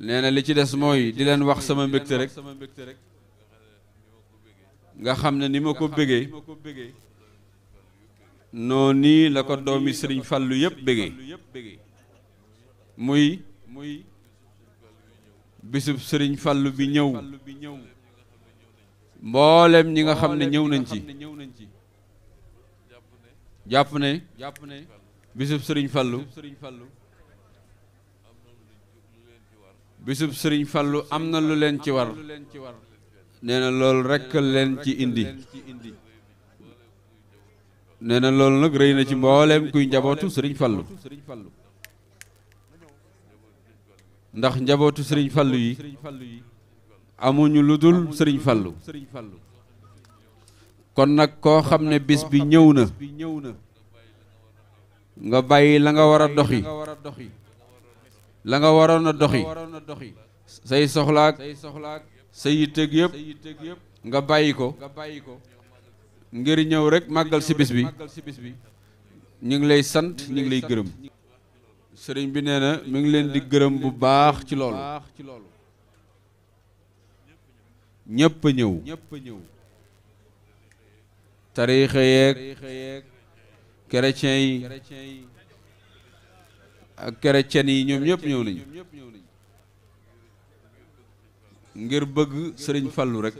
nee na li ci des mooy di leen wax sama mbégte rek nga xam ne ni ma ko bégee noo nii la ko doomi sëriñ fallu yëpp bégee muy muy bisub sëriñ fallu bi ñëw mboolem ñi nga xam ne ñëw nañ ci jàpp ne bisub sëriñ fallu bisub sëriñ fallu am na lu leen ci war nee na loolu rekk leen ci indi nee na loolu nag rëy na ci mbooleem kuy njabootu sëriñ Fallou ndax njabootu sëriñ Fallou yi amuñu lu dul sëriñ Fallou kon nag koo xam ne bis bi ñëw na nga bàyyi la nga war a doxi la nga waroon a doxi say soxlaak say yitteeg yëpp nga bàyyi ko ngir ñëw rek màggal si bis bi ñu ngi lay sant ñu ngi lay gërëm sëriñ bi nee na mi ngi leen di gërëm bu baax ci loolu ñépp a ñëw tariixa yeeg chrétien yi ak chrétien yi ñoom ñëpp ñëw nañu ngir bëgg sëriñ fallu rek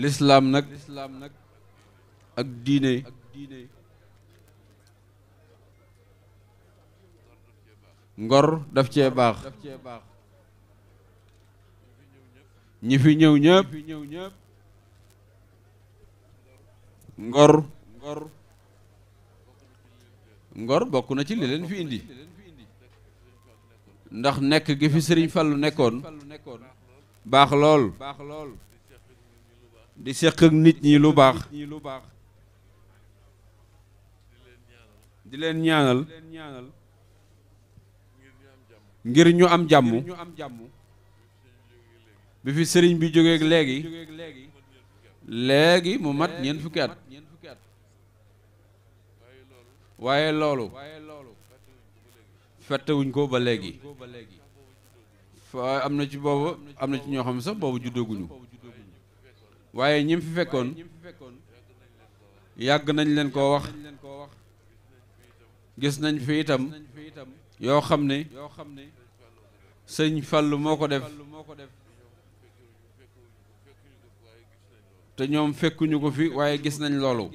lislaam nag ak diine ngor daf cee baax ñi fi ñëw ñëpp ngor ngor bokk na ci li leen fi indi ndax nekk gi fi sëriñ Fallu nekkoon baax lool di seq nit ñi lu baax di leen ñaanal ngir ñu am jàmm bi fi sëriñ bi jógeek léegi léegi mu mat ñeent fukki at waaye loolu fettewuñ ko ba léegi fa am na ci boobu am na ci ñoo xam sax boobu juddooguñu waaye ñim fi fekkoon yàgg nañ leen ko wax gis nañ fi itam yoo xam ne sëñ Fallu moo ko def te ñoom fekkuñu ko fi waaye gis nañ loolu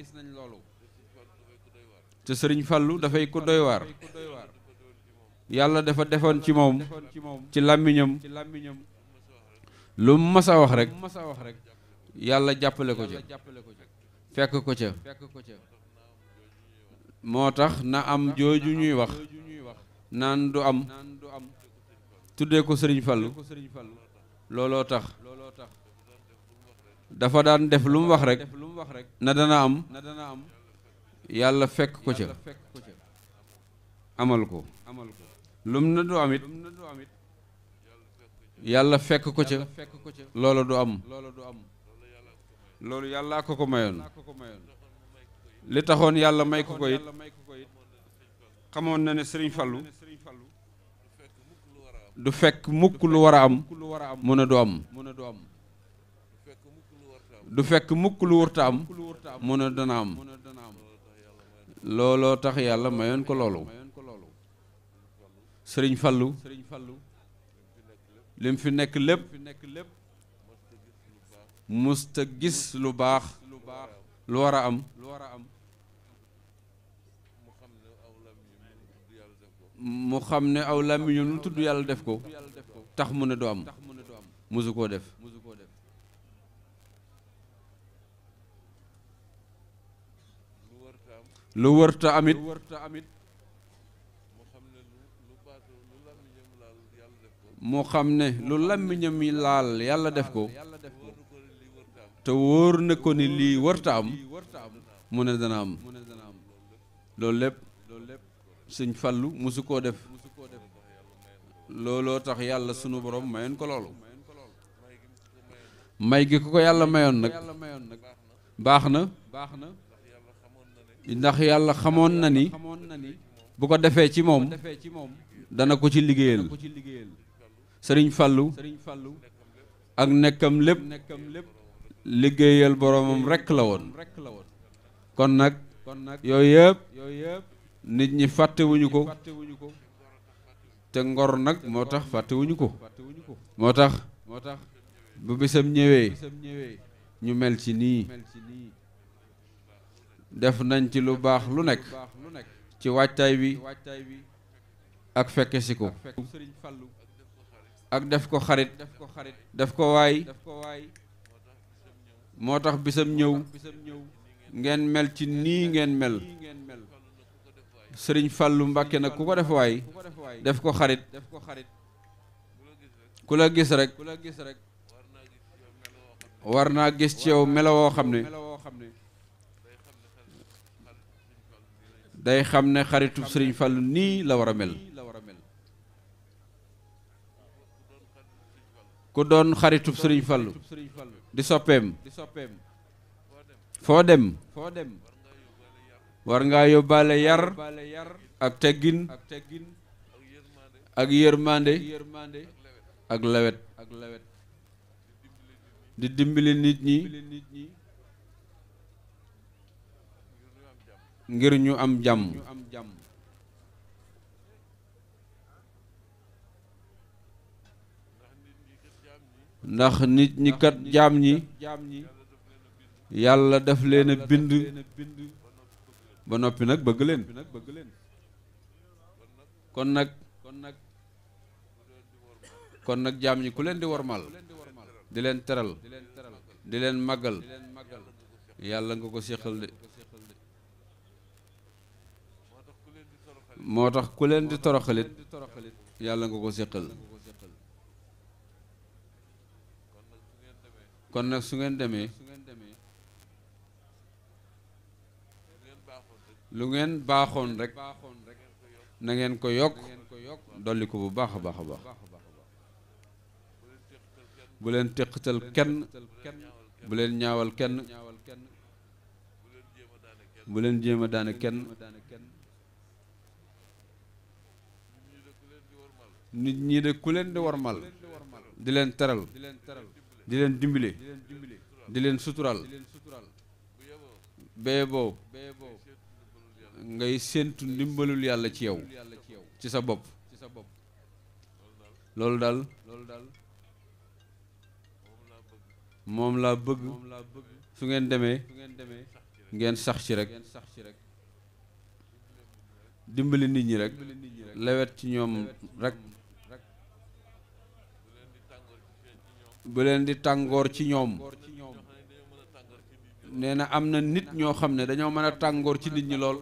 te sëriñ fallu dafay ko doy waar yàlla dafa defoon ci moom ci làmmiñam lu mu mas a wax rek yàlla jàppale ko ca fekk ko ca moo tax na am jooju ñuy wax naan du am tuddee ko sëriñ fallu looloo tax dafa daan def lu mu wax rek na dana am yàlla fekk ko ca amal ko lum na du amit yàlla fekk ko ca loola du am loolu yàllaa ko ko mayoon li taxoon yàlla may ko ko it xamoon na ne sëriñ Fallu du fekk mukk lu war a am mu ne du am du fekk mukk lu wurta am mu ne a am looloo tax yàlla mayoon ko loolu sëriñ fallu lim fi nekk lépp musta gis lu baax lu war a am mu xam ne aw làmmiñam lu tudd yàlla def ko tax mu ne du am musu koo def lu wërta amit moo xam ne lu làmmiñam yi laal yàlla def ko te wóor na ko ni lii wërta am mu ne dana am loolu lépp suñ fallu musu koo def looloo tax yàlla sunu borom mayoon ko loolu may gi ku ko yàlla mayoon nag baax na ndax yàlla xamoon na ni bu ko defee ci moom dana ko ci liggéeyal sëriñ Fallu ak nekkam lépp liggéeyal boromam rekk la woon kon nag yooyu yëpp nit ñi fàttewuñu ko te ngor nag moo tax fàttewuñu ko moo tax bu bisam ñëwee ñu mel ci nii def nañ ci lu baax lu nekk ci waajtaay bi ak fekke si ko ak def ko xarit def ko waay moo tax bisam ñëw ngeen mel ci nii ngeen mel sëriñ Fàllu Mbàkke nag ku ko def waay def ko xarit ku la gis rek war naa gis ci yow melo woo xam ne day xam ne xaritub sëriñ Fàllu nii la war a mel ku doon xaritu sëriñ Fàllu di soppeem foo dem war ngaa yóbbaale yar ak teggin ak yërmande ak lawet di dimbali nit ñi ngir ñu am jàmm ndax nit ñi kat jaam ñi yàlla def leen a bind ba noppi nag bëgg leen kon nag kon nag jaam yi ku leen di wormal di leen teral di leen màggal yàlla nga ko séqal de moo tax ku leen di toroxalit yàlla nga ko séqal kon nag su ngeen demee lu ngeen baaxoon rek na ngeen ko yokk dolli ko bu baax a baax a baax bu leen teqatal kenn bu leen ñaawal kenn bu leen jéem a daane kenn nit ñi de ku leen di warmal di leen teral di leen dimbale di leen sutural bee boobu ngay séentu ndimbalul yàlla ci yow ci sa bopp loolu daal moom laa bëgg su ngeen demee ngeen sax ci rek dimbali nit ñi rek lawet ci ñoom rek bu leen di tàngoor ci ñoom nee na am na nit ñoo xam ne dañoo mën a tàngoor ci nit ñi lool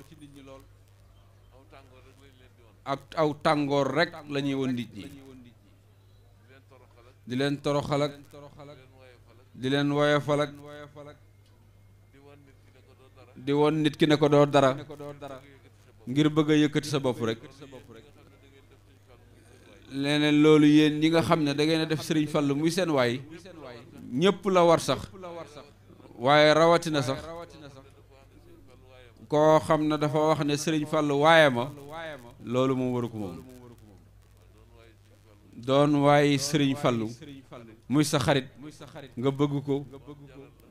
ak aw tàngoor rek la ñuy woon nit ñi di leen toroxal ak di leen woyofal ak di woon nit ki ne ko doo dara ngir bëgg a yëkkati sa bopp rek leneen loolu yéen ñi nga xam ne da ngeen a def sëriñ Fallu muy seen waay ñëpp la war sax waaye rawatina sax koo xam ne dafa wax ne sëriñ Fallu waaye ma loolu moom waru ko moom doon waaye sëriñ Fallu muy sa xarit nga bëgg ko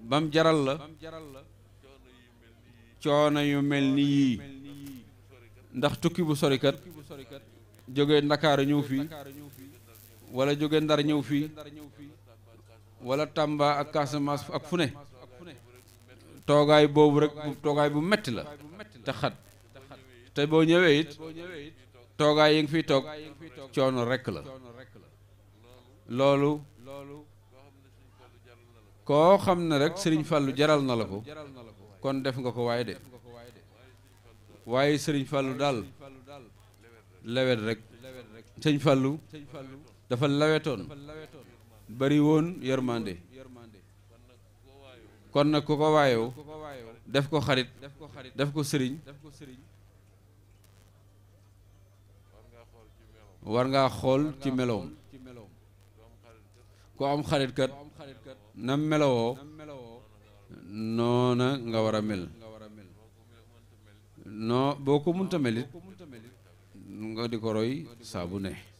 bam jaral la coono yu mel ni yii ndax tukki bu sorikat jóge ndakaaru ñëw fii wala jóge ndar ñëw fii wala Tamba ak Casamance ak fu ne toogaay boobu rek toogaay bu metti la te xat te boo ñëwee it toogaay yi nga fiy toog coono rek la loolu koo xam ne rek sëriñ Fallou jaral na la ko kon def nga ko waaye de waaye sëriñ Fallou daal lawet rek sëñ Fallou dafa lawetoon bari woon yërmande kon nag ku ko waayoo def ko xarit def ko sëriñ war ngaa xool ci meloom ku am xarit kat na melowoo noona nga war a mel noo boo ko munta melit nga di ko roy ne